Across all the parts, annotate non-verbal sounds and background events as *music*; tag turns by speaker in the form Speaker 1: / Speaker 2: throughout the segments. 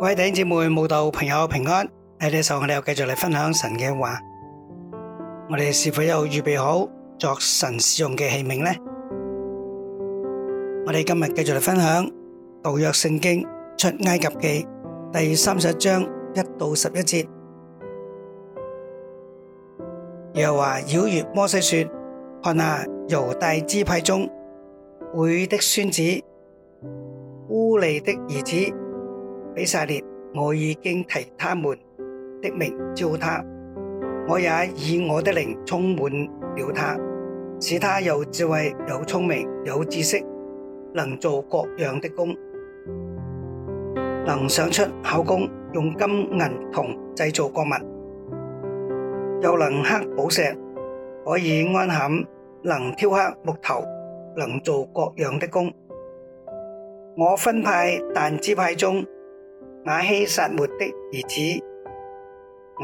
Speaker 1: 各位弟兄姊妹、慕道朋友平安，喺呢時候，我哋又繼續嚟分享神嘅話，我哋是否又預備好作神使用嘅器皿呢？我哋今日繼續嚟分享《道約聖經》出埃及記第三十章一到十一節，又話：曉諭摩西說，看下猶大支派中會的孫子烏利的兒子。比撒列，我已經提他們的名召他，我也以我的靈充滿了他，使他有智慧、有聰明、有知識，能做各樣的工，能想出巧工，用金銀銅製造各物，又能刻寶石，可以安餡，能雕刻木頭，能做各樣的工。我分派但支派中。亞希撒末的兒子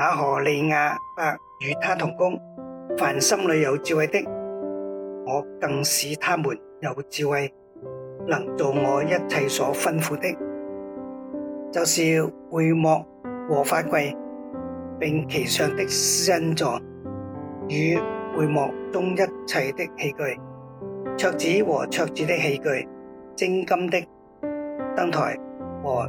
Speaker 1: 亞何利亞伯與他同工。凡心裏有智慧的，我更使他們有智慧，能做我一切所吩咐的。就是會幕和法櫃，並其上的施恩座與會幕中一切的器具、桌子和桌子的器具、精金的燈台和。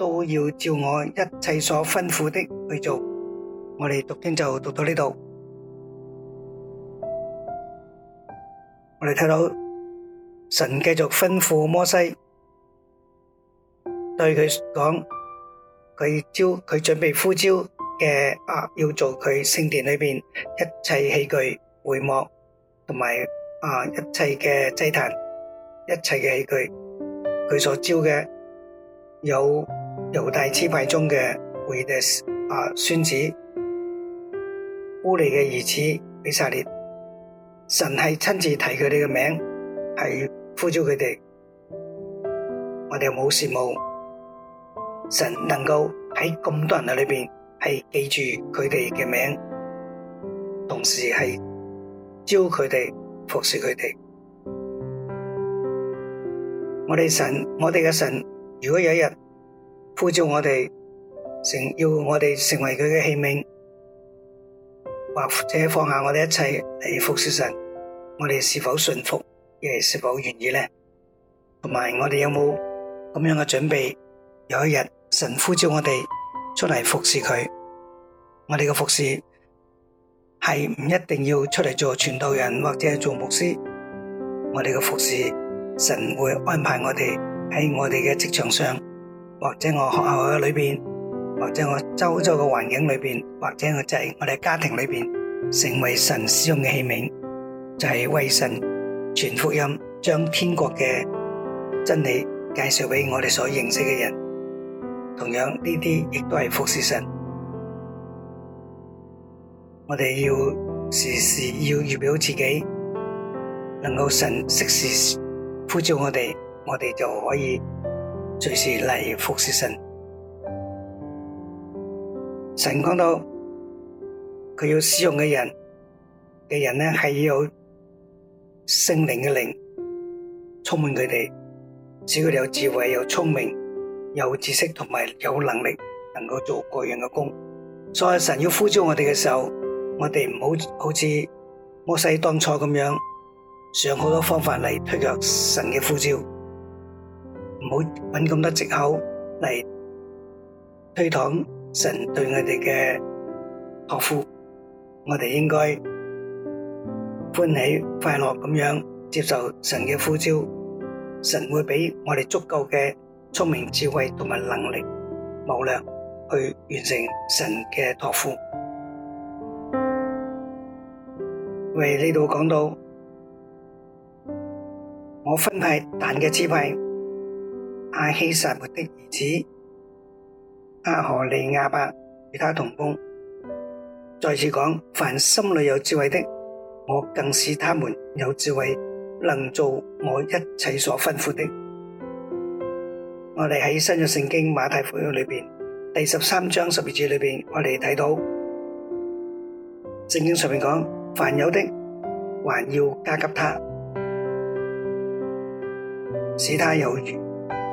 Speaker 1: 都要照我一切所吩咐的去做。我哋讀經就讀到呢度，我哋睇到神繼續吩咐摩西，對佢講佢召佢，準備呼召嘅啊要做佢聖殿裏邊一切器具帷幕，同埋啊一切嘅祭壇，一切嘅器具，佢所召嘅有。猶大支派中嘅約瑟啊，孫子烏利嘅兒子比撒列，神係親自提佢哋嘅名，係呼召佢哋。我哋冇羨慕神能夠喺咁多人嘅裏邊係記住佢哋嘅名，同時係召佢哋服侍佢哋。我哋神，我哋嘅神，如果有一日，呼召我哋成要我哋成為佢嘅器皿，或者放下我哋一切嚟服侍神。我哋是否順服？亦係是否願意咧？同埋我哋有冇咁樣嘅準備？有一日神呼召我哋出嚟服侍佢，我哋嘅服侍係唔一定要出嚟做傳道人或者做牧師。我哋嘅服侍神會安排我哋喺我哋嘅職場上。或者我學校嘅裏邊，或者我周遭嘅環境裏邊，或者我就我哋家庭裏邊，成為神使用嘅器皿，就係為神傳福音，將天國嘅真理介紹俾我哋所認識嘅人。同樣呢啲亦都係服侍神。我哋要時時要預備好自己，能夠神適時呼召我哋，我哋就可以，隨時嚟服侍神。神講到佢要使用嘅人嘅人咧，係要有聖靈嘅靈充滿佢哋，使佢哋有智慧、有聰明、有知識同埋有能力，能夠做各樣嘅工。所以神要呼召我哋嘅時候，我哋唔好好似摩西當初咁樣，想好多方法嚟推託神嘅呼召。唔好搵咁多藉口嚟推搪神對我哋嘅託付，我哋應該歡喜快樂咁樣接受神嘅呼召。神會畀我哋足夠嘅聰明智慧同埋能力、力量去完成神嘅託付。喂，呢度講到我分派蛋嘅支派。阿希撒抹的兒子，阿荷利亞伯，與他同工，再次講，凡心裏有智慧的，我更使他們有智慧，能做我一切所吩咐的。我哋喺新約聖經馬太福音裏面，第十三章十二節裏面，我哋睇到，聖經上面講，凡有的，還要加給他，使他有餘, *noise*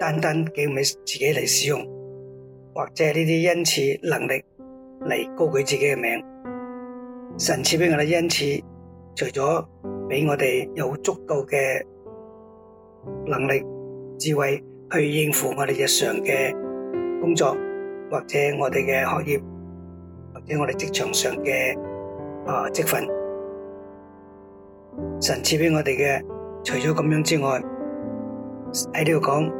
Speaker 1: 單單叫你自己嚟使用，或者係呢啲恩賜能力嚟高舉自己嘅名，神賜俾我哋恩賜，除咗俾我哋有足夠嘅能力、智慧去應付我哋日常嘅工作，或者我哋嘅學業，或者我哋職場上嘅啊職份，神賜俾我哋嘅，除咗咁樣之外，喺呢度講。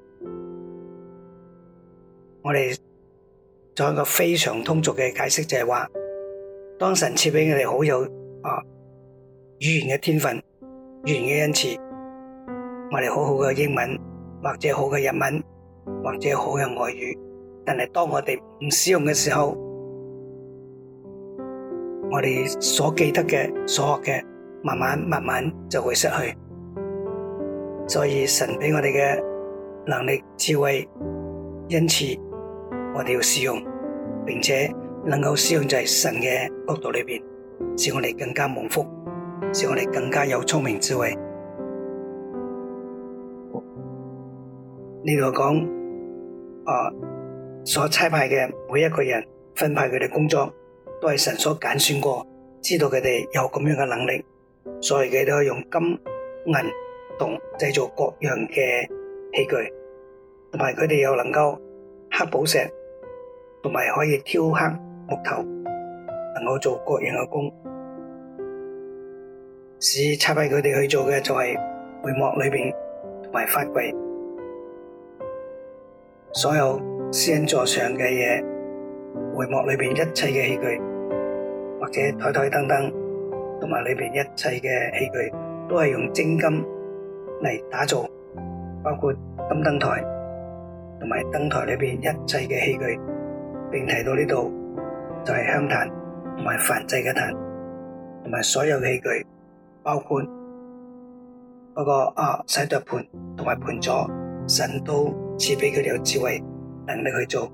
Speaker 1: 我哋仲有一個非常通俗嘅解釋，就係話，當神賜畀我哋好有啊語言嘅天分、語言嘅恩賜，我哋好好嘅英文，或者好嘅日文，或者好嘅外語，但係當我哋唔使用嘅時候，我哋所記得嘅、所學嘅，慢慢、慢慢就會失去。所以神俾我哋嘅能力、智慧、恩賜。我哋要使用，並且能夠使用在神嘅角度裏邊，使我哋更加蒙福，使我哋更加有聰明智慧。呢度講，啊，所差派嘅每一個人，分派佢哋工作，都係神所揀選過，知道佢哋有咁樣嘅能力，所以佢哋用金銀銅製造各樣嘅器具，同埋佢哋又能夠刻寶石。同埋可以雕刻木頭，能夠做各樣嘅工。使差派佢哋去做嘅，就係會幕裏邊同埋法櫃，所有施恩座上嘅嘢，會幕裏邊一切嘅器具，或者台台燈燈，同埋裏邊一切嘅器具，都係用精金嚟打造，包括金燈台，同埋燈台裏邊一切嘅器具。並提到呢度就係香壇同埋燔祭嘅壇，同埋所有器具，包括嗰個啊洗濯盤同埋盤座，神都賜俾佢哋有智慧能力去做。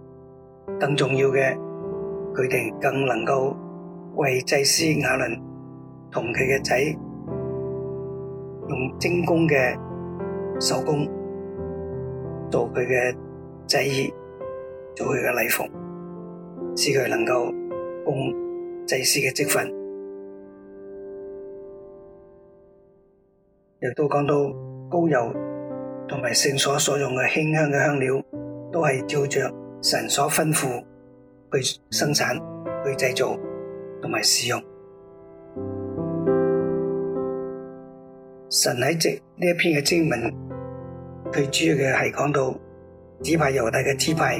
Speaker 1: 更重要嘅，佢哋更能夠為祭司雅倫同佢嘅仔用精工嘅手工做佢嘅祭衣，做佢嘅禮服。使佢能夠供祭司嘅職分，亦都講到膏油同埋聖所所用嘅馨香嘅香料，都係照着神所吩咐去生產、去製造同埋使用。神喺這呢一篇嘅經文，佢主要嘅係講到指派猶大嘅支派。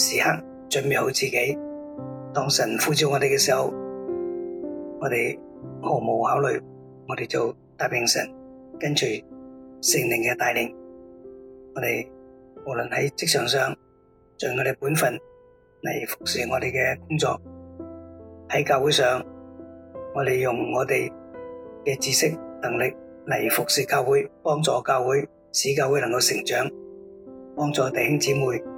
Speaker 1: 時刻準備好自己，當神呼召我哋嘅時候，我哋毫無考慮，我哋就答應神，跟隨聖靈嘅帶領。我哋無論喺職場上，盡我哋本分嚟服侍我哋嘅工作；喺教會上，我哋用我哋嘅知識能力嚟服侍教會，幫助教會，使教會能夠成長，幫助弟兄姊妹。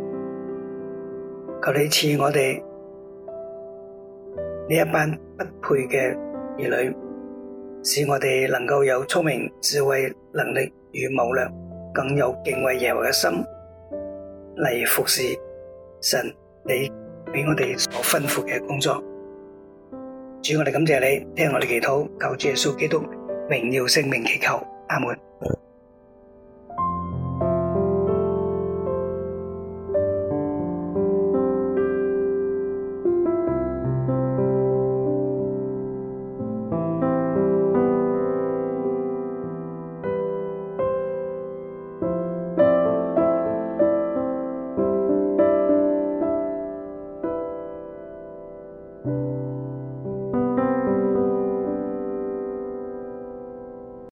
Speaker 1: 求你賜我哋呢一班不配嘅兒女，使我哋能夠有聰明、智慧、能力與謀略，更有敬畏耶和嘅心嚟服侍神。你俾我哋所吩咐嘅工作，主我哋感謝你，聽我哋祈禱，求主耶穌基督榮耀聖名，祈求阿門。